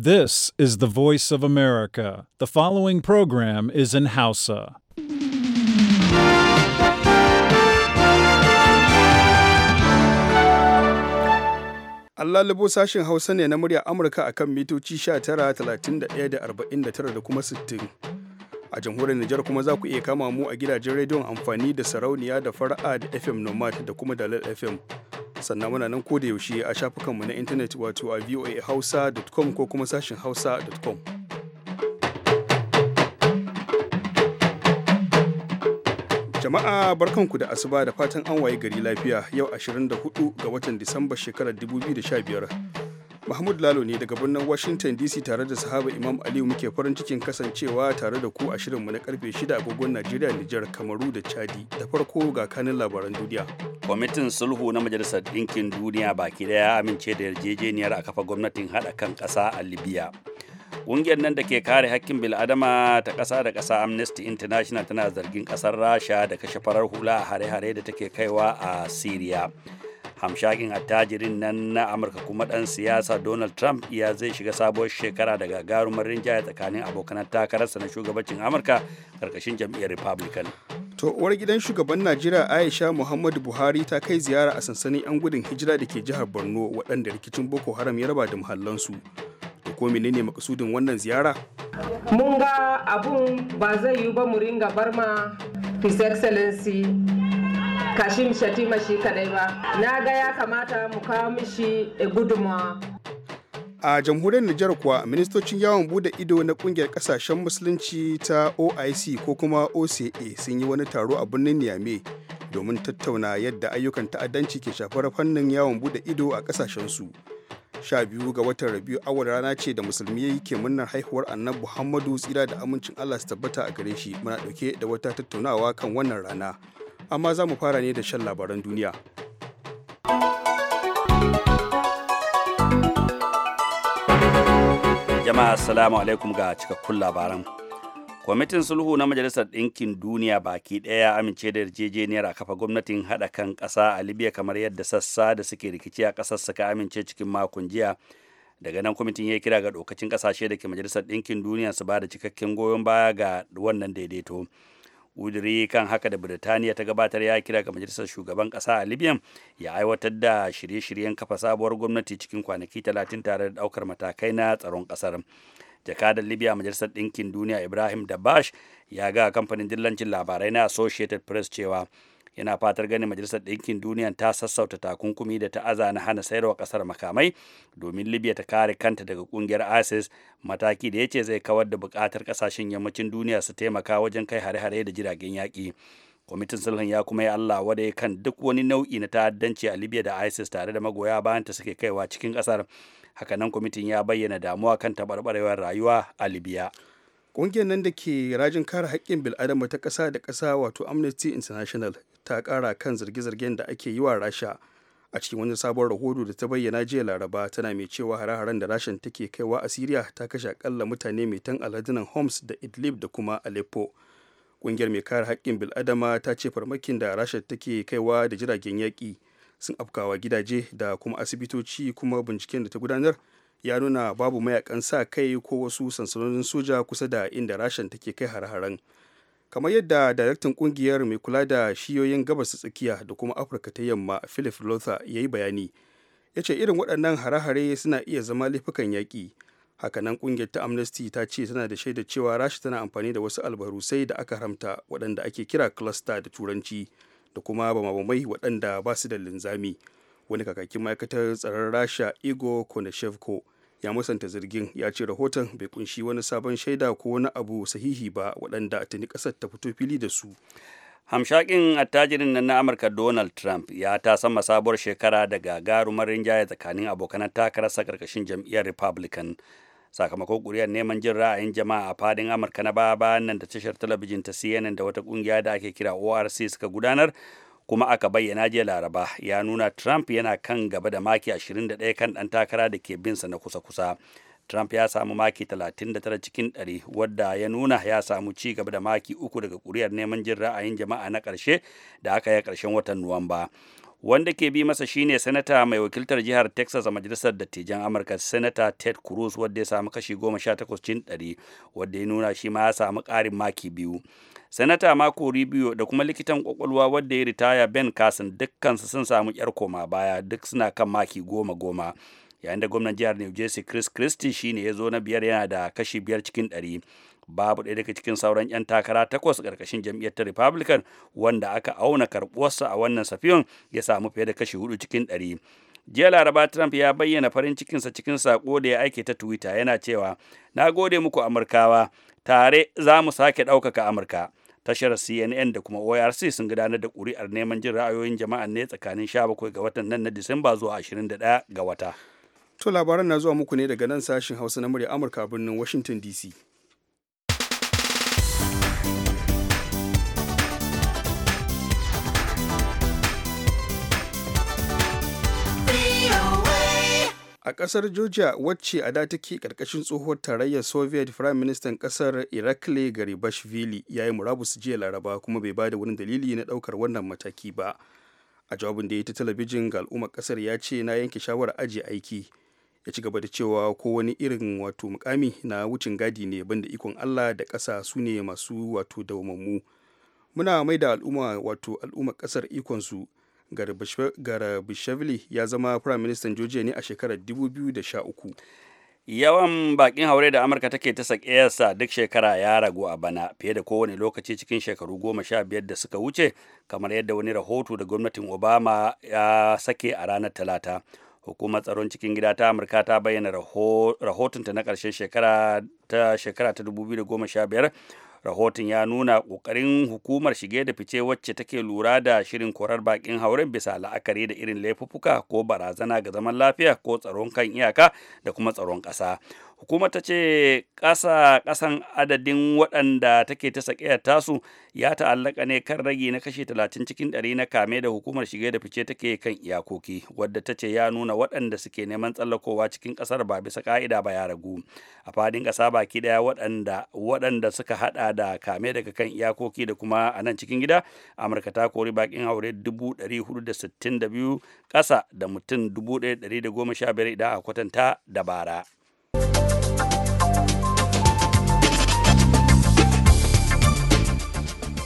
This is the voice of America. The following program is in Hausa. Allah labo sashen Hausa ne na murya Amurka akan mitoci 19, 31 da 49 da kuma 60. a jamhuriyar Nijar kuma za ku iya kama mu a gidajen rediyon amfani da sarauniya da fara'a da FM Nomad da kuma Dalal FM. sannan muna nan da yaushe a shafukanmu na intanet wato a voahausa.com ko kuma sashin hausa.com jama'a barkanku da asuba da fatan an waye gari lafiya yau 24 ga watan disamba shekarar 2015 Mahmud Lalo ne daga birnin Washington DC tare da sahaba Imam Aliyu muke farin cikin kasancewa tare da ku a shirinmu na karfe 6 agogon Najeriya, Nijar, Kamaru da Chadi. Da farko ga kanin labaran duniya. Kwamitin sulhu na Majalisar Ɗinkin Duniya baki daya amince da yarjejeniyar a kafa gwamnatin haɗa kan ƙasa a Libya. Ƙungiyar nan da ke kare hakkin bil'adama ta ƙasa da ƙasa Amnesty International tana zargin ƙasar Rasha da kashe farar hula a hare-hare da take kaiwa a Siriya. hamshakin attajirin nan na amurka kuma dan siyasa donald trump ya zai shiga sabuwar shekara daga gagarumar rinjaya tsakanin abokan takararsa na shugabancin amurka karkashin jam'iyyar republican to uwar gidan shugaban najeriya aisha muhammadu buhari ta kai ziyara a sansanin yan gudun hijira da ke jihar borno waɗanda rikicin boko haram ya raba da muhallansu da ko menene makasudin wannan ziyara mun ga abun ba zai yiwu ba mu ringa barma his excellency kashim shatima shi kadai ba na ga ya kamata mu kawo mishi eh, gudunmawa a jamhuriyar Nijar kuwa ministocin yawon bude ido na kungiyar kasashen musulunci ta OIC ko kuma OCA sun yi wani taro a birnin Niamey domin tattauna yadda ayyukan ta'addanci ke shafar fannin yawon bude ido a kasashen su. Sha biyu ga watan Rabiu awar rana ce da musulmi ke murnar haihuwar Annabi Muhammadu tsira da amincin Allah su tabbata a gare shi muna dauke da wata tattaunawa kan wannan rana. amma za mu fara ne da shan labaran duniya. Jama'a Assalamu alaikum ga cikakkun labaran. Kwamitin sulhu na Majalisar Ɗinkin Duniya baki ɗaya ya amince da yarjejeniyar a kafa gwamnatin haɗa kan ƙasa a Libya kamar yadda sassa da suke rikici a ƙasar suka amince cikin makon jiya. Daga nan kwamitin ya kira ga ɗokacin ƙasashe da ke Majalisar Ɗinkin Duniya su ba da cikakken goyon baya ga wannan daidaito. ƙudiri kan haka da birtaniya ta gabatar ya kira ga majalisar shugaban ƙasa a libyan ya aiwatar da shirye-shiryen kafa sabuwar gwamnati cikin kwanaki talatin tare da ɗaukar matakai na tsaron ƙasar jakadar libya majalisar ɗinkin duniya ibrahim dabash ya ga kamfanin dillancin labarai na associated press cewa yana fatar ganin majalisar ɗinkin duniya ta sassauta takunkumi da ta aza na hana sayarwa ƙasar makamai domin libya ta kare kanta daga ƙungiyar isis mataki da ya ce zai kawar da buƙatar ƙasashen yammacin duniya su taimaka wajen kai hare-hare da jiragen yaƙi kwamitin sulhun ya kuma yi allah ya kan duk wani nau'i na ta'addanci a libya da isis tare da magoya bayan ta suke kaiwa cikin ƙasar hakanan kwamitin ya bayyana damuwa kan taɓarɓarewar rayuwa a libya ƙungiyar nan da ke rajin kare haƙƙin bil'adama ta ƙasa da ƙasa wato amnesty international ta kara kan zarge-zargen da ake yi wa rasha a cikin wani sabon rahoto da ta bayyana jiya laraba tana mai cewa hare-haren da rashin take kaiwa a syria ta kashe akalla mutane mai tan aladunan homs da idlib da kuma aleppo ƙungiyar mai kare haƙƙin bil'adama ta ce farmakin da rasha take kaiwa da jiragen yaƙi sun afkawa gidaje da kuma asibitoci kuma binciken da ta gudanar ya nuna babu mayakan sa kai ko wasu sansanonin soja kusa da inda rashin take kai hare-haren kamar yadda daraktan kungiyar mai kula da shiyoyin gabas tsakiya da kuma afirka ta yamma philip lothar ya yi bayani ya ce irin waɗannan hare-hare suna iya zama laifukan yaƙi hakanan kungiyar ta amnesty ta ce tana da shaidar cewa rasha tana amfani da wasu albarusai da aka haramta waɗanda ake kira cluster da turanci da kuma bamabamai waɗanda ba su da linzami wani kakakin ma'aikatar tsaron rasha igor konashevko ya musanta zirgin ya ce rahoton bai kunshi wani sabon shaida ko wani abu sahihi ba waɗanda tuni ƙasar ta fito fili da su hamshakin attajirin nan na amurka donald trump ya ta sama sabuwar shekara daga garumar rinjaye tsakanin abokan takararsa karkashin jam'iyyar republican sakamakon ƙuri'ar neman jin ra'ayin jama'a a fadin amurka na baya bayan nan da tashar talabijin ta cnn da wata ƙungiya da ake kira orc suka gudanar kuma aka bayyana jiya laraba ya nuna trump yana kan gaba da maki 21 kan ɗan takara da ke binsa na kusa-kusa trump ya samu maki 39 cikin 100 wadda ya nuna ya samu ci gaba da maki uku daga kuri'ar neman jin ra'ayin jama'a na karshe da aka yi karshen watan nuwamba wanda ke bi masa shine sanata mai wakiltar jihar texas a majalisar dattijan amurka sanata ted cruz wadda ya samu kashi goma sha takwas cin ɗari wadda ya nuna shi ma ya samu karin maki biyu sanata mako rubio da kuma likitan kwakwalwa wadda ya ritaya ben carson dukkansu sun samu yar koma baya duk suna kan maki goma goma yayin da gwamnan jihar new jersey chris christie shine ya zo na biyar yana da kashi biyar cikin ɗari babu ɗaya daga cikin sauran 'yan takara takwas ƙarƙashin jam'iyyar ta republican wanda aka auna karɓuwarsa a wannan safiyon ya samu fiye da kashi hudu cikin ɗari jiya laraba trump ya bayyana farin cikinsa cikin sako da ya aike ta twitter yana cewa na gode muku amurkawa tare za mu sake ɗaukaka amurka tashar CNN da kuma ORC sun gudanar da ƙuri'ar neman jin ra'ayoyin jama'a ne tsakanin 17 ga watan nan na Disamba zuwa 21 ga wata. To labaran na zuwa muku ne daga nan sashin Hausa na murya Amurka birnin Washington DC. a kasar georgia wacce a da take karkashin tsohuwar tarayyar soviet prime minister kasar irakle garibashvili ya yi murabus jiya laraba kuma bai bada wani dalili na daukar wannan mataki ba a jawabin da ya ta talabijin ga al'ummar kasar ya ce na yanke shawarar aji aiki ya ci gaba da cewa ko wani irin wato mukami na wucin gadi ne banda ikon allah da kasa su ne masu wato dawamammu muna mai da al'umma wato al'ummar kasar ikonsu su garabashvili ya zama firaministan georgia ne a shekarar 2013 yawan bakin haure da amurka take ta sakiyarsa duk shekara ya ragu a bana fiye da kowane lokaci cikin shekaru goma sha biyar da suka wuce kamar yadda wani rahoto da gwamnatin obama ya sake a ranar talata hukumar tsaron cikin gida ta amurka ta bayyana rahotonta na ƙarshen shekara ta shekara ta 2015 rahoton ya nuna ƙoƙarin hukumar shige da fice wacce take lura da shirin korar bakin hauren bisa la'akari da irin laifuffuka ko barazana ga zaman lafiya ko tsaron kan iyaka da kuma tsaron ƙasa hukumar ta ce ƙasa ƙasan adadin waɗanda take ta sakiyar tasu ya ta'allaka ne kan ragi na kashe 30 cikin ɗari na kame da hukumar shige da fice take kan iyakoki wadda ta ce ya nuna waɗanda suke neman tsallakowa cikin ƙasar ba bisa ƙa'ida ba ya ragu a fadin ƙasa baki ɗaya waɗanda waɗanda suka haɗa da kame daga kan iyakoki da kuma a nan cikin gida amurka ta kori bakin aure 462 ƙasa da mutum 1,115 idan a kwatanta dabara. bara.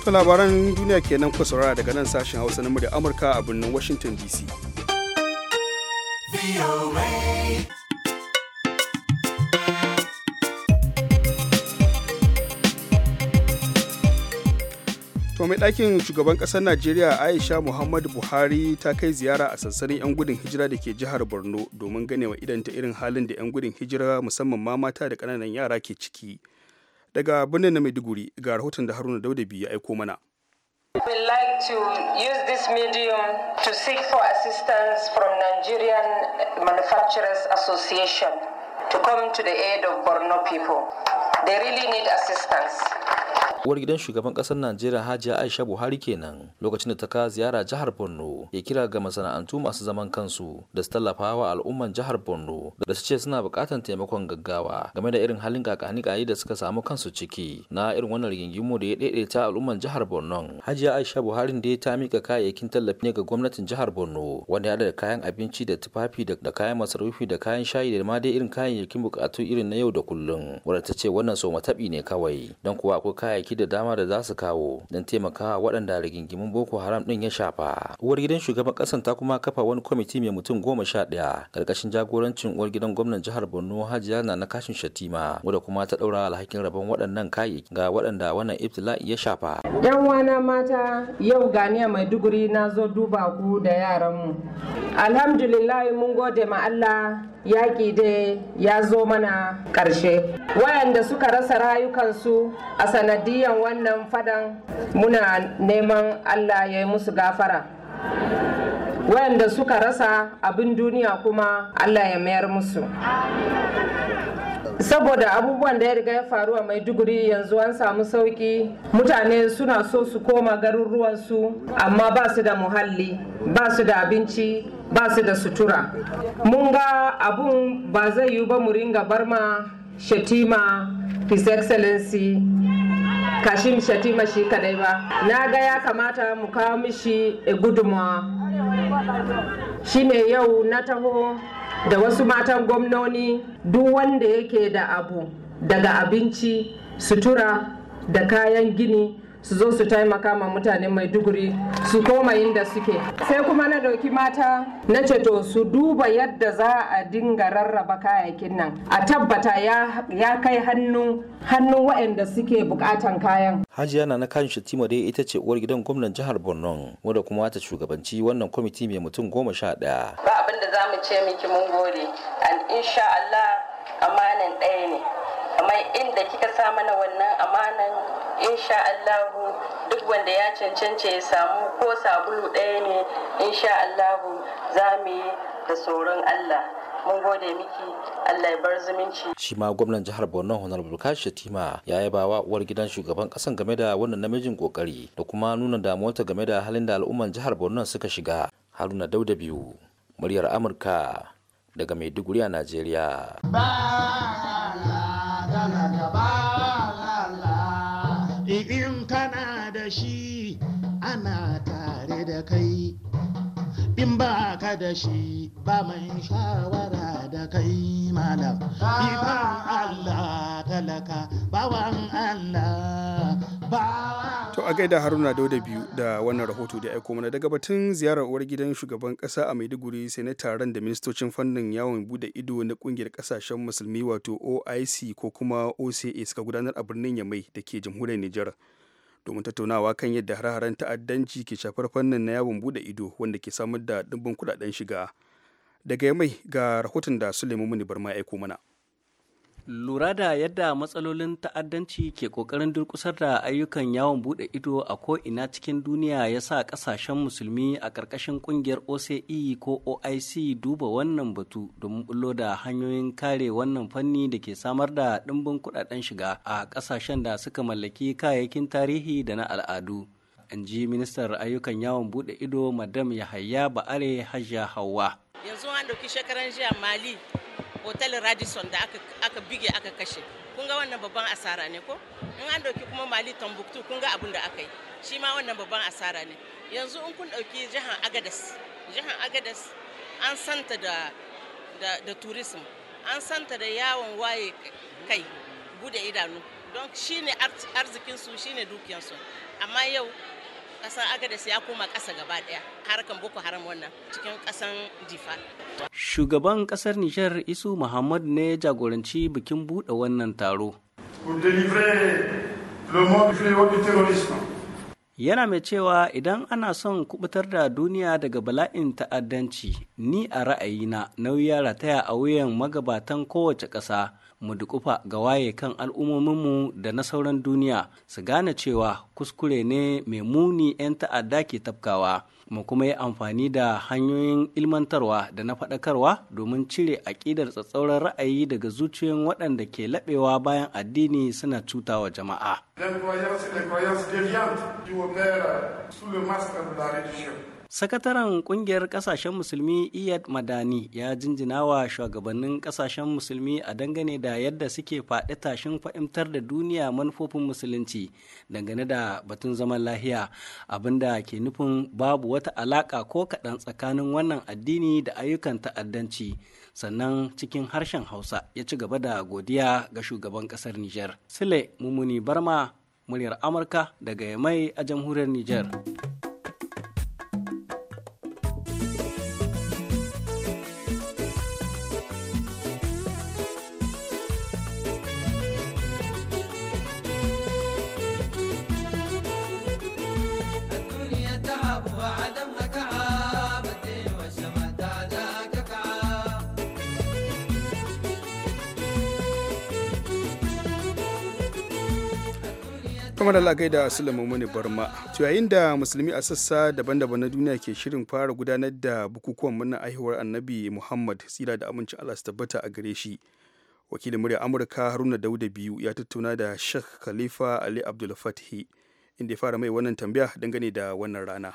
To labaran duniya kenan ku saurara daga nan sashen Hausa na murya Amurka a birnin Washington DC. To mai ɗakin shugaban ƙasar Najeriya Aisha Muhammadu Buhari ta kai ziyara a sansanin 'yan gudun hijira da ke jihar Borno domin ganewa idanta irin halin da 'yan gudun hijira musamman ma mata da ƙananan yara ke ciki. daga birnin na maiduguri ga rahoton da haruna daudabi ya aiko mana We like to use this medium to seek for assistance from Nigerian Manufacturers Association to come to the aid of Borno people. They really need assistance. uwar gidan shugaban kasar najeriya hajiya aisha buhari kenan lokacin da ta ka ziyara jihar borno ya kira ga masana'antu masu zaman kansu da su tallafa wa al'umman jihar borno da su ce suna buƙatar taimakon gaggawa game da irin halin kakanikayi da suka samu kansu ciki na irin wannan rigingimu da ya daidaita al'umman jihar borno hajiya aisha buhari da ya ta mika kayayyakin tallafi ne ga gwamnatin jihar borno wanda ya da kayan abinci da tufafi da kayan masarufi da kayan shayi da ma dai irin kayayyakin bukatu irin na yau da kullum wadda ta ce wannan so mataɓi ne kawai don kuwa akwai kayayyakin dokoki da dama da za su kawo don taimakawa waɗanda rigingimin boko haram ɗin ya shafa uwar gidan shugaban ƙasan ta kuma kafa wani kwamiti mai mutum goma sha ɗaya ƙarƙashin jagorancin uwar gidan gwamnan jihar borno hajiya na na kashin shatima wadda kuma ta ɗaura alhakin rabon waɗannan kayayyaki ga waɗanda wannan ibtila'i ya shafa yan wana mata yau ganiya maiduguri na zo duba ku da yaranmu alhamdulillah mun gode ma allah yaƙi dai ya zo mana ƙarshe wayanda suka rasa rayukansu a sanadiyar sanadiyan wannan fadan muna neman allah ya yi musu gafara wayanda suka rasa abin duniya kuma allah ya mayar musu saboda abubuwan da ya riga ya faru a maiduguri yanzu an samu sauki mutane suna so su koma garuruwansu amma ba su da muhalli ba su da abinci ba su da sutura mun ga abun ba zai yi ba mu ringa barma shetima his excellency kashim shatima shi kadai ba na ga ya kamata mu kawo mishi gudunmawa shine yau na taho da wasu matan gwamnoni duk wanda yake da abu daga abinci sutura da kayan gini su zo su taimaka ma mutanen maiduguri su koma inda suke sai kuma na dauki mata na ceto su duba yadda za a dinga rarraba kayayyakin nan a tabbata ya kai hannu hannun waɗanda suke bukatan kayan hajiya na na kan shatima dai ita ce uwar gidan gwamnan jihar borno wadda kuma ta shugabanci wannan kwamiti mai mutum goma sha ɗaya ba abin za mu ce miki mun gode insha allah amanan ɗaya ne kamar inda kika sa mana wannan amanan insha Allahu duk wanda ya cancance ya samu ko sabulu ɗaya ne insha Allahu za mu yi da tsoron Allah mun gode miki Allah ya bar zumunci shi ma gwamnan jihar Borno Honorable Kashi Shatima ya yaba wa uwar gidan shugaban kasan game da wannan namijin kokari da kuma nuna damuwarta game da halin da al'umman jihar Borno suka shiga Haruna Dauda biyu muryar Amurka daga Maiduguri a Najeriya in kana da shi ana tare da kai in ba ka da shi ba mai shawara da kai malam a gaida Haruna Dauda biyu da wannan rahoto da aiko mana daga batun ziyarar uwar gidan shugaban kasa a Maiduguri sai na taron da ministocin fannin yawon bude ido na kungiyar kasashen musulmi wato OIC ko kuma OCA suka gudanar a birnin Yamai da ke jamhuriyar Nijar. Domin tattaunawa kan yadda har haren ta'addanci ke shafar fannin na yawon bude ido wanda ke samar da dimbin kudaden shiga. Daga Yamai ga rahoton da Suleiman Muni Barma ya aiko mana. Lura da yadda matsalolin ta'addanci ke ƙoƙarin durƙusar da ayyukan yawon buɗe ido a ko'ina cikin duniya ya sa ƙasashen musulmi a ƙarƙashin ƙungiyar OCE ko OIC duba wannan batu domin bullo da hanyoyin kare wannan fanni da ke samar da ɗimbin kuɗaɗen shiga a ƙasashen da suka mallaki kayayyakin tarihi da na al'adu. An ji ministar ayyukan yawon buɗe ido Madam Yahaya Ba'are Hajja hawa Yanzu an ɗauki shekaran jiya Mali otalin radisson da aka bige aka kashe kun ga wannan babban asara ne ko in an ɗauki kuma mali tambuktu kun ga abin da aka yi shi ma wannan babban asara ne yanzu in kun ɗauki jihar agadas jihar agadas an santa da da, da tourism an santa da yawon waye kai bude idanu don shine arzikinsu shine dukiyansu amma yau kasar agadas ya koma ƙasa gaba ɗaya harkan boko haram wannan cikin ƙasan difa shugaban ƙasar nijar isu muhammad ne jagoranci bikin buɗe wannan taro yana mai cewa idan ana son kubutar da duniya daga bala'in ta'addanci ni a ra'ayina nauyi ya rataya a wuyan magabatan kowace ƙasa mu dukufa ga waye kan al'ummominmu da na sauran duniya su gane cewa kuskure ne mai muni 'yan ta'adda ke tafkawa mu kuma yi amfani da hanyoyin ilmantarwa da na faɗakarwa domin cire aƙidar tsatsauran ra'ayi daga zuciyoyin waɗanda ke laɓewa bayan addini suna wa jama'a. Sakataren kungiyar kasashen musulmi Iyad Madani ya jinjina wa shugabannin kasashen musulmi a dangane da yadda suke faɗi tashin fahimtar da duniya manufofin musulunci dangane da batun zaman lahiya abinda ke nufin babu wata alaƙa ko kaɗan tsakanin wannan addini da ayyukan ta'addanci sannan cikin harshen Hausa ya ci gaba da godiya ga shugaban ƙasar Nijar. sile Mumuni Barma, muryar Amurka daga Yamai a jamhuriyar Nijar. kamar Allah gaida Sulaiman Mani Barma. To yayin da musulmi a sassa daban-daban na duniya ke shirin fara gudanar da bukukuwan murnar aihuwar Annabi Muhammad tsira da amincin Allah su tabbata a gare shi. Wakilin murya Amurka Haruna Dauda biyu ya tattauna da Sheikh Khalifa Ali Abdul inda ya fara mai wannan tambaya dangane da wannan rana.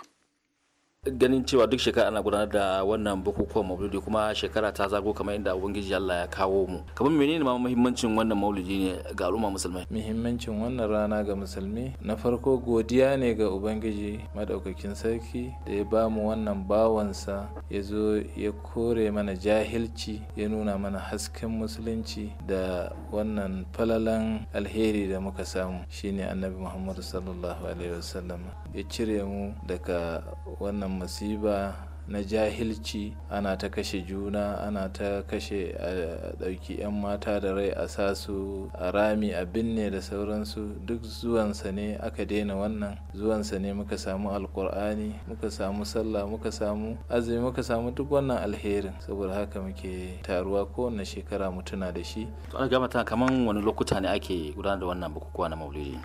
ganin cewa duk shekara ana gudanar da wannan bukukuwan maulidi kuma shekara ta zago kamar inda ubangiji Allah ya kawo mu kamar menene ma muhimmancin wannan maulidi ne ga al'umma musulmai muhimmancin wannan rana ga musulmi na farko godiya ne ga ubangiji madaukakin sarki da ya ba mu wannan bawansa ya zo ya kore mana jahilci ya nuna mana hasken musulunci da wannan falalan alheri da muka samu shine annabi muhammadu sallallahu alaihi wasallam ya cire mu daga wannan wannan na jahilci ana ta kashe juna ana ta kashe a eh, ɗauki 'yan mata da rai a sa su a rami a binne da sauransu duk zuwansa ne aka daina wannan zuwansa ne muka samu alkur'ani muka samu sallah muka samu azumi muka samu duk wannan alherin saboda haka muke taruwa kowane shekara mu tuna da shi gama kaman wani lokuta ne ake gudanar da wannan bukukuwa na maulidi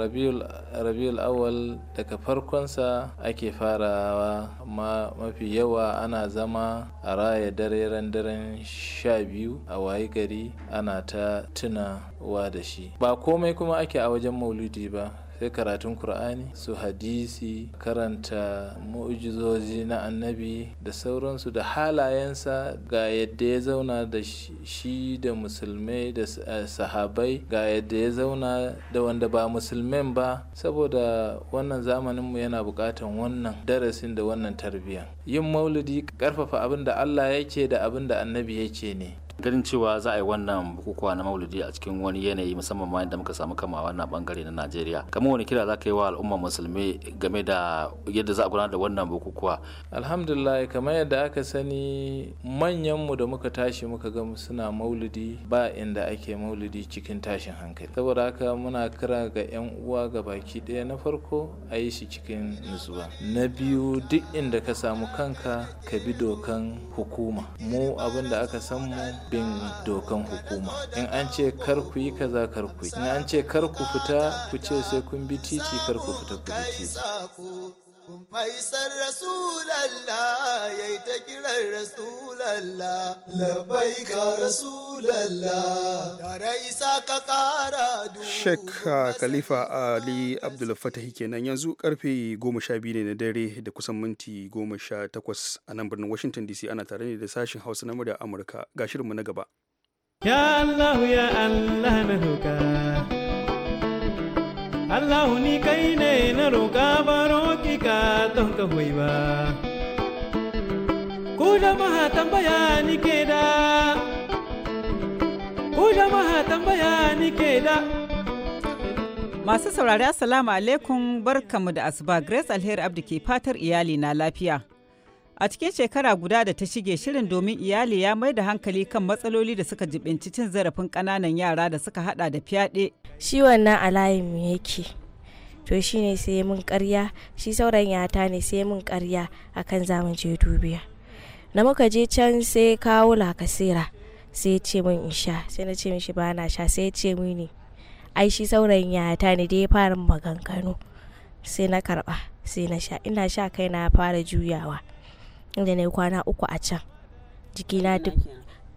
rabiul awal daga farkonsa ake farawa amma mafi yawa ana zama a raya dare ran daren sha biyu a wayi gari ana ta tunawa da shi ba komai kuma ake a wajen maulidi ba sai karatun Kur'ani su hadisi karanta mu'ujizozi na annabi da sauransu da halayensa ga yadda ya zauna da shi da musulmai da eh, sahabai ga yadda ya zauna da wanda ba musulmin ba saboda wannan zamaninmu yana bukatan wannan darasin da wannan tarbiyya yin maulidi karfafa abin da Allah yake da abin da annabi yake ne ganin cewa za a yi wannan bukukuwa na maulidi a cikin wani yanayi musamman ma yadda muka samu kama wannan bangare na najeriya kamar wani kira za ka yi wa al'umma musulmi game da yadda za a gudanar da wannan bukukuwa alhamdulillah kamar yadda aka sani manyan mu da muka tashi muka ga suna maulidi ba inda ake maulidi cikin tashin hankali saboda haka muna kira ga 'yan uwa ga baki ɗaya na farko a yi shi cikin nutsuwa na biyu duk inda ka samu kanka ka bi dokan hukuma mu abin da aka san mu bin dokan hukuma in an ce kar ku yi kaza kar ku yi in an ce kar ku fita ku ce sai kun bi titi kar ku fita ku bi titi kun faisar rasulallah ya yi ta kiran rasulallah labai ga rasulallah tare isa ka kara Sheikh uh, Khalifa Ali Abdul Fatahi kenan yanzu karfe 12 ne na dare da kusan minti 18 a nan birnin Washington DC ana tare ne da sashen Hausa na murya Amurka ga shirinmu na gaba. Ya Allah ya Allah na hukar Allah ni kai ne na roƙa baro roki ka don ka hoyi ba. Ku jama'a tambaya ni ke da, ku jama'a tambaya ni ke da. Masu saurari Assalamu alaikum barkamu da asuba Grace Alheri Abdi ke fatar iyali na lafiya. A cikin shekara guda da ta shige shirin domin iyali ya mai da hankali kan matsaloli da suka jibinci cin zarafin kananan yara da suka hada da fyaɗe. Shi wannan alayin mu yake. To shi ne sai mun karya shi sauran yata ne sai mun karya akan zamu je dubiya. Na muka je can sai kawo lakasira sai ce min in sha sai na ce mishi ba na sha sai ce mini ai shi sauran yata ne dai fara maganganu sai na karba sai na sha ina sha kai na fara juyawa. inda na yi kwana uku a can jikina duk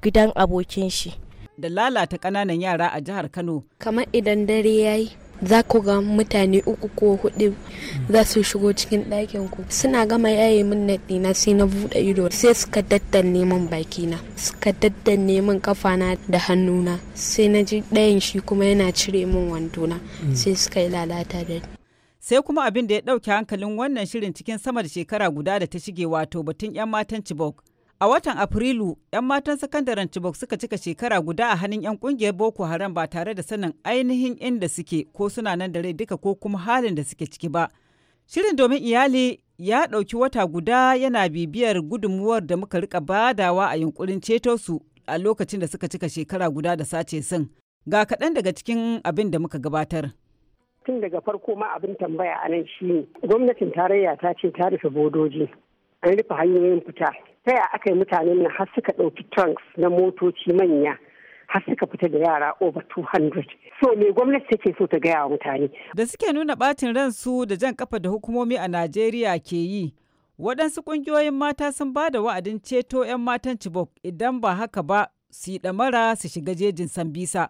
gidan abokin shi da lalata kananan yara a jihar kano kamar idan dare ya yi za ku ga mutane uku ko hudu za su shigo cikin ɗakin ku suna gama yaye min na dina sai na buɗe ido sai suka daddanne min bakina suka daddanne kafa na da hannuna sai na ji ɗayan shi kuma yana cire min wandona mm. sai suka yi lalata da ni sai kuma abin da ya ɗauke hankalin wannan shirin cikin sama da shekara guda da ta shige wato batun 'yan matan Chibok. A watan Afrilu, 'yan matan sakandaren Chibok suka cika shekara guda a hannun 'yan ƙungiyar Boko Haram ba tare da sanin ainihin inda suke ko suna nan da rai duka ko kuma halin da suke ciki ba. Shirin domin iyali ya ɗauki wata guda yana bibiyar gudunmuwar da muka rika badawa a yunkurin ceto su a lokacin da suka cika shekara guda da sace sun. Ga kaɗan daga cikin abin da muka gabatar. tun daga farko ma abin tambaya a nan shi ne. gwamnatin tarayya ta ce ta rufe bodoji an rufe hanyoyin fita ta ya aka yi mutane nan har suka ɗauki trunks na motoci manya har suka fita da yara over 200 so me gwamnati take so ta gaya wa mutane da suke nuna bacin ransu da jan kafa da hukumomi a najeriya ke yi waɗansu ƙungiyoyin mata sun ba da wa'adin ceto 'yan matan Chibok idan ba haka ba su yi ɗamara su shiga jejin Sambisa.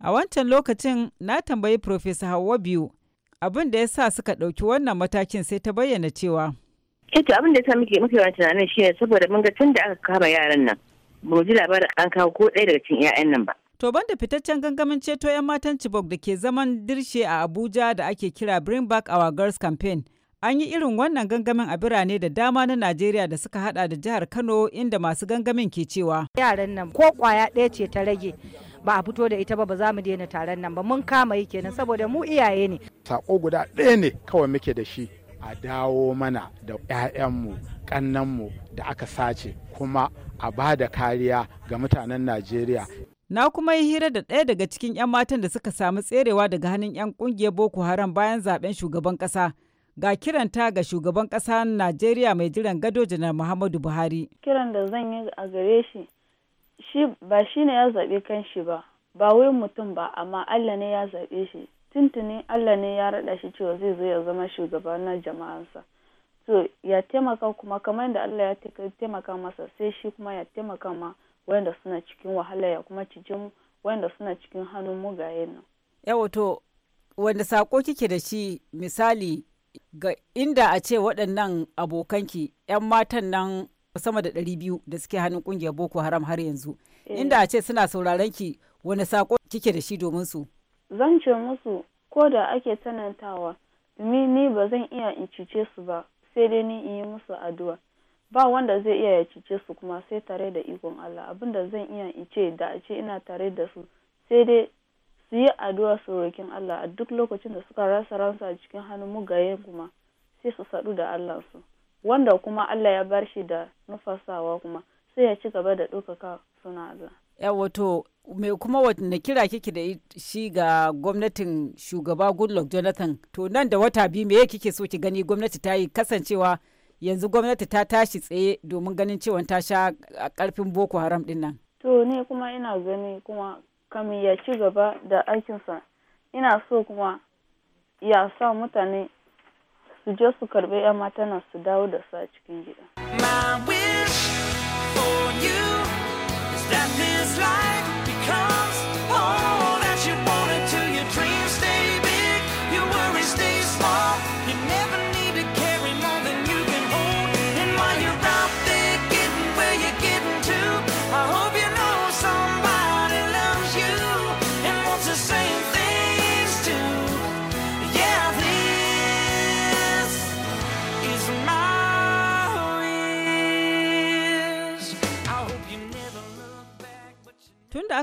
A wancan lokacin na tambayi Profesa Hauwa biyu abin da ya sa suka ɗauki wannan matakin sai ta bayyana cewa. Eto eh abin da ya sa muke mafi wani tunanin shi ne saboda mun ga tun da aka kama yaran nan ba mu ji labarin an kawo ko ɗaya daga cikin 'ya'yan nan ba. To banda fitaccen gangamin ceto 'yan matan Chibok da ke zaman dirshe a Abuja da ake kira Bring Back Our Girls Campaign. An yi irin wannan gangamin a birane da dama na Najeriya da suka hada da jihar Kano inda masu gangamin ke cewa. Yaran nan ko kwaya ɗaya ce ta rage ba a fito da ita ba ba za mu daina taron nan ba mun kama yi kenan saboda mu iyaye ne sako guda ɗaya ne kawai muke da shi a dawo mana da 'ya'yanmu kannanmu da aka sace kuma a ba da kariya ga mutanen najeriya na kuma yi hira da ɗaya daga cikin 'yan matan da suka samu tserewa daga hannun 'yan ƙungiyar boko haram bayan zaben shugaban ƙasa ga kiranta ga shugaban ƙasa najeriya mai jiran gado janar muhammadu buhari kiran da zan yi a gare shi ba shi ne ya zaɓi kanshi ba, ba wai mutum ba, amma Allah ne ya zaɓe shi. Tuntuni Allah ne ya raɗa shi cewa zai zo ya zama shugaba na jama'ansa. To, ya taimaka kuma kamar da Allah ya taimaka masa sai shi kuma ya taimaka ma wanda suna cikin wahala ya kuma cikin wanda suna cikin hannun mugayen nan. Yawa to, wanda sako kike da shi misali ga inda a ce waɗannan abokanki 'yan matan nan sama da 200 da suke hannun kungiyar boko haram har yanzu eh. inda a ce suna sauraron ki wani sako kike da shi domin su zan ce musu ko da ake tanantawa domin ni ba zan iya in cice su ba sai dai ni in yi musu addu'a ba wanda zai iya ya cice su kuma sai tare da ikon Allah abinda zan iya in ce da a ce ina tare da su sai dai su yi addu'a su roƙin Allah a duk lokacin da suka rasa ransa cikin hannun mugaye kuma sai su sadu da Allah su wanda kuma Allah ya bar shi da nufasawa kuma sai ya ci gaba da ɗaukaka suna Allah. wato me kuma wata kira kike da shi ga gwamnatin shugaba Goodluck Jonathan, to nan da wata biyu me kike so ki gani gwamnati ta yi kasancewa yanzu gwamnati ta tashi tsaye domin ganin cewa ta sha karfin Boko Haram din nan. To ni kuma ina gani kuma kamin ya ci gaba da aikinsa, ina so kuma ya sa mutane su je su karɓi 'yan matan su dawo da su a cikin gida.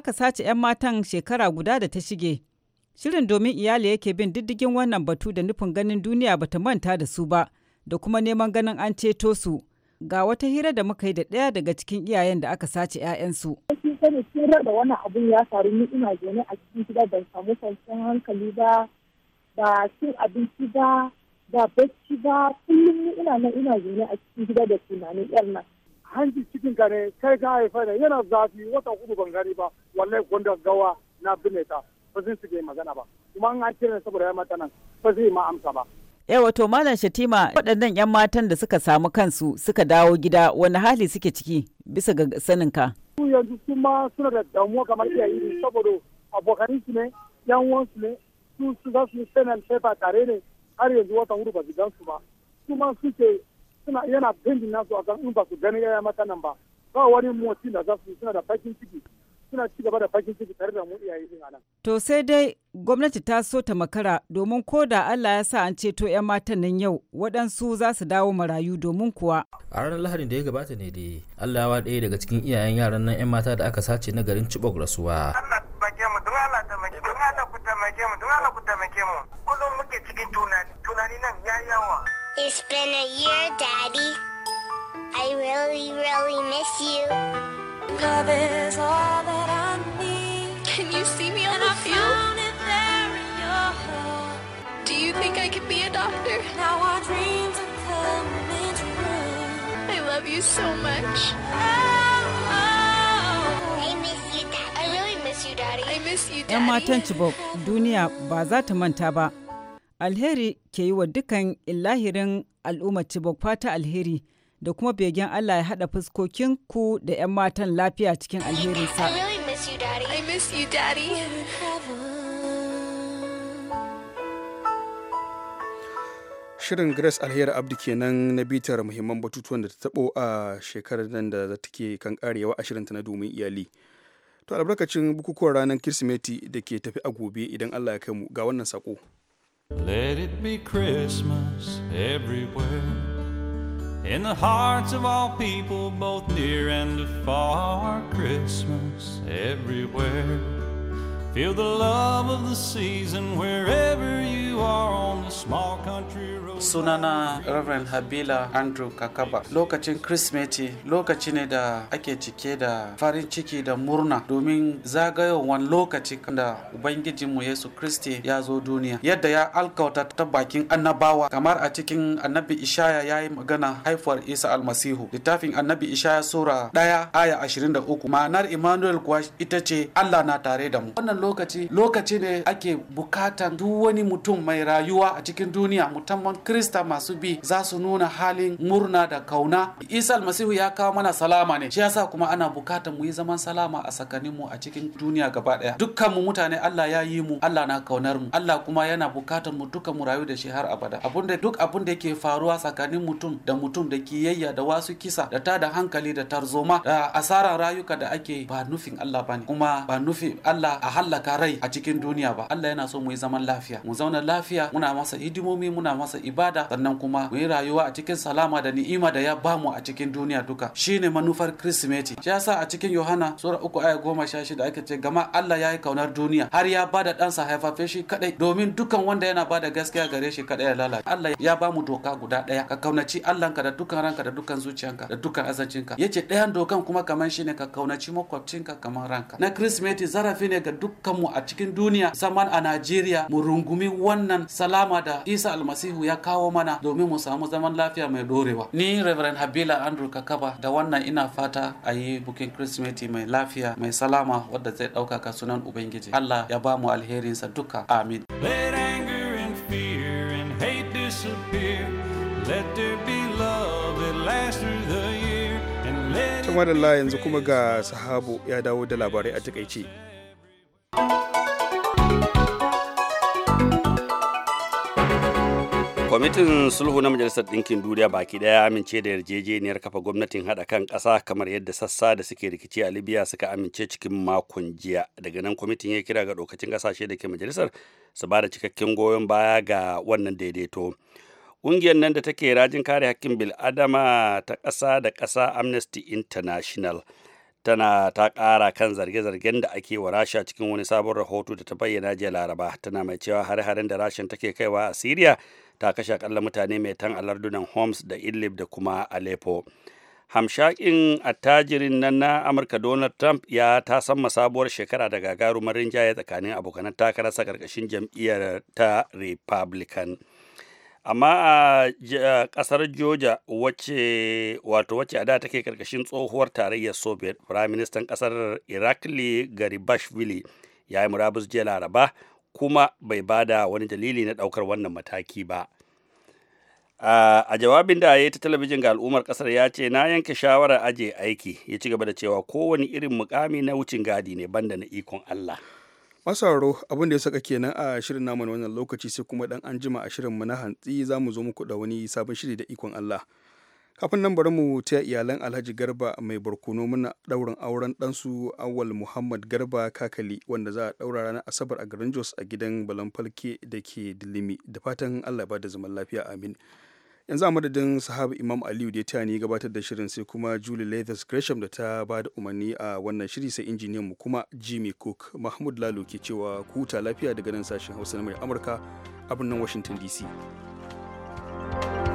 aka sace 'yan matan shekara guda da ta shige. Shirin domin iyali yake bin diddigin wannan batu da nufin ganin duniya ba ta manta da su ba da kuma neman ganin an ceto su. Ga wata hira da muka yi da ɗaya daga cikin iyayen da aka sace 'ya'yansu. Kin wannan abun ya faru ni ina gani a cikin gida ban samu kwanciyar hankali ba ba cin abinci ba ba bacci ba kullum ina nan ina gani a cikin gida da tunanin 'yar nan. hanji cikin gane kai ka haifa ne yana zafi wata hudu ban gani ba wallahi gwanda gawa na bine ta ba su magana ba kuma an ne saboda ya mata nan ba zai ma amsa ba yawa to malam shatima waɗannan 'yan matan da suka samu kansu suka dawo gida wani hali suke ciki bisa ga sanin ka su yanzu su ma suna da damuwa kamar yi saboda abokanin su ne yan uwansu ne su su za su yi tare ne har yanzu wata hudu ba su gan su ba su ma suke suna yana bindin nasu a kan in ba su gani yaya mata nan ba ba wani motsi da za su suna da fakin ciki suna ci gaba da fakin ciki tare da mu iyaye din nan. To sai dai gwamnati ta so ta makara domin ko da Allah ya sa an ceto 'yan matan nan yau waɗansu za su dawo marayu domin kuwa. A ranar Lahadin da ya gabata ne dai Allah ya ɗaya daga cikin iyayen yaran nan 'yan mata da aka sace na garin Chibok rasuwa. Allah taimake don Allah ku taimake mu don Allah ku taimake mu kullum muke cikin tunani tunani nan ya yawa It's been a year daddy I really really miss you Love is all that I need Can you see me on and the I field? Do you think I could be a doctor? Now our dreams are coming true I love you so much ah. 'yan matan Chibok duniya ba za ta manta ba. Alheri ke yi wa dukan illahirin al'ummar Chibok fata alheri da kuma begen Allah ya haɗa fuskokin ku da 'yan matan lafiya cikin alherinsa. Shirin Grace Alheri Abdi kenan na bitar muhimman batutuwan da ta taɓo a shekarar nan da take kan karewa a shirinta na domin iyali. To albarkacin bukukuwan ranar Kirsimeti da ke tafi a gobe idan Allah ya kai mu ga wannan sako. Let it be Christmas everywhere in the hearts of all people both near and far Christmas everywhere. Feel the love of the season wherever you are on the small country road. Sunana Reverend Habila Andrew Kakaba. Lokacin Kirisimeti lokaci ne da ake cike da farin ciki da murna domin zagayowar lokaci da Ubangijinmu Yesu Kristi ya zo duniya. Yadda ya alkauta ta bakin annabawa kamar a cikin annabi Ishaya ya yi magana haifuwar Isa almasihu. Littafin annabi Ishaya Sura 1 aya 23 ma'anar Emmanuel kuwa ita ce Allah na tare da mu. Wannan lokaci lokaci ne ake bukatan duk wani mutum mai rayuwa a cikin duniya musamman krista masu bi za su nuna halin murna da kauna isa almasihu ya kawo mana salama ne shi yasa kuma ana bukatan mu yi zaman salama a tsakaninmu a cikin duniya gaba daya dukkan mu mutane Allah ya yi mu Allah na kaunar mu Allah kuma yana bukatan mu duka mu rayu da shi har abada abunda duk abun da yake faruwa tsakanin mutum da mutum da kiyayya da wasu kisa da ta da hankali da tarzoma da asarar rayuka da ake ba nufin Allah bane kuma ba nufin Allah a halla mallaka rai a cikin duniya ba Allah yana so mu yi zaman lafiya mu zauna lafiya muna masa hidimomi muna masa ibada sannan kuma mu yi rayuwa a cikin salama da ni'ima da ya ba mu. a cikin duniya duka shine manufar Kirsimeti shi yasa a cikin Yohana sura uku aya goma sha shida ake ce gama Allah ya yi kaunar duniya har ya bada ɗansa haifafe shi kadai domin dukan wanda yana bada gaskiya gare shi kadai ya lalace Allah ya ba mu doka guda ɗaya ka kaunaci Allahnka da dukan ranka da dukan zuciyanka da dukan azancinka yace ɗayan dokan kuma kamar shine ka kaunaci makwabcinka kamar ranka na Kirsimeti zarafi ne ga duk kanmu a cikin duniya zaman a Najeriya mu rungumi wannan salama da Isa Almasihu ya kawo mana domin mu samu zaman lafiya mai dorewa. Ni Reverend Habila Andrew Kakaba da wannan ina fata a yi bukin Kirsimeti mai lafiya mai salama wadda zai ɗaukaka sunan Ubangiji. Allah ya ba mu alherinsa duka. Amin. Let anger yanzu kuma ga sahabu ya dawo da labarai a takaice. kwamitin sulhu na majalisar ɗinkin duniya baki ɗaya amince da yarjejeniyar kafa gwamnatin haɗa kan ƙasa kamar yadda sassa da suke rikici a libya suka amince cikin makon jiya daga nan kwamitin ya kira ga ɗaukacin ƙasashe da ke majalisar su ba da cikakken goyon baya ga wannan daidaito ƙungiyar nan da take rajin kare hakkin bil'adama ta ƙasa da ƙasa amnesty international tana ta ƙara kan zarge-zargen da ake wa rasha cikin wani sabon rahoto da ta bayyana jiya laraba tana mai cewa hare-haren da rashin take kaiwa a syria ta kashe akalla mutane mai tan alardunan homs da idlib da kuma aleppo hamshakin attajirin nan na amurka donald trump ya ta samma sabuwar shekara da gagarumar rinjaye tsakanin abokanan sa karkashin jam'iyyar ta republican amma a kasar georgia wacce wato wacce a da take karkashin tsohuwar tarayyar soviet prime minister kasar irakli garibashvili ya yi murabus jiya laraba kuma bai bada wani dalili na daukar wannan mataki ba a jawabin da ya ta talabijin ga al'ummar kasar ya ce na yanke shawarar aje aiki ya ci gaba da cewa kowane irin mukami na wucin gadi ne banda na ikon allah Masaro abin da ya saka kenan a shirin namu wannan lokaci sai kuma dan an jima a shirin mu na hantsi za mu zo muku da wani sabon shiri da ikon Allah. Kafin nan bari mu ta iyalan Alhaji Garba mai barkono muna daurin auren ɗansu Awal Muhammad Garba Kakali wanda za a daura ranar Asabar a garin Jos a gidan Balan Falke da ke Dilimi da fatan Allah ba da zaman lafiya amin. yanzu a madadin sahaba imam aliyu da ya taya gabatar da shirin sai kuma julie leathers gresham da ta ba da umarni a wannan shiri sai injiniyan mu kuma jimmy cook mahmud lalo ke cewa kuta lafiya daga nan sashen hausa na mai amurka a birnin washington dc thank you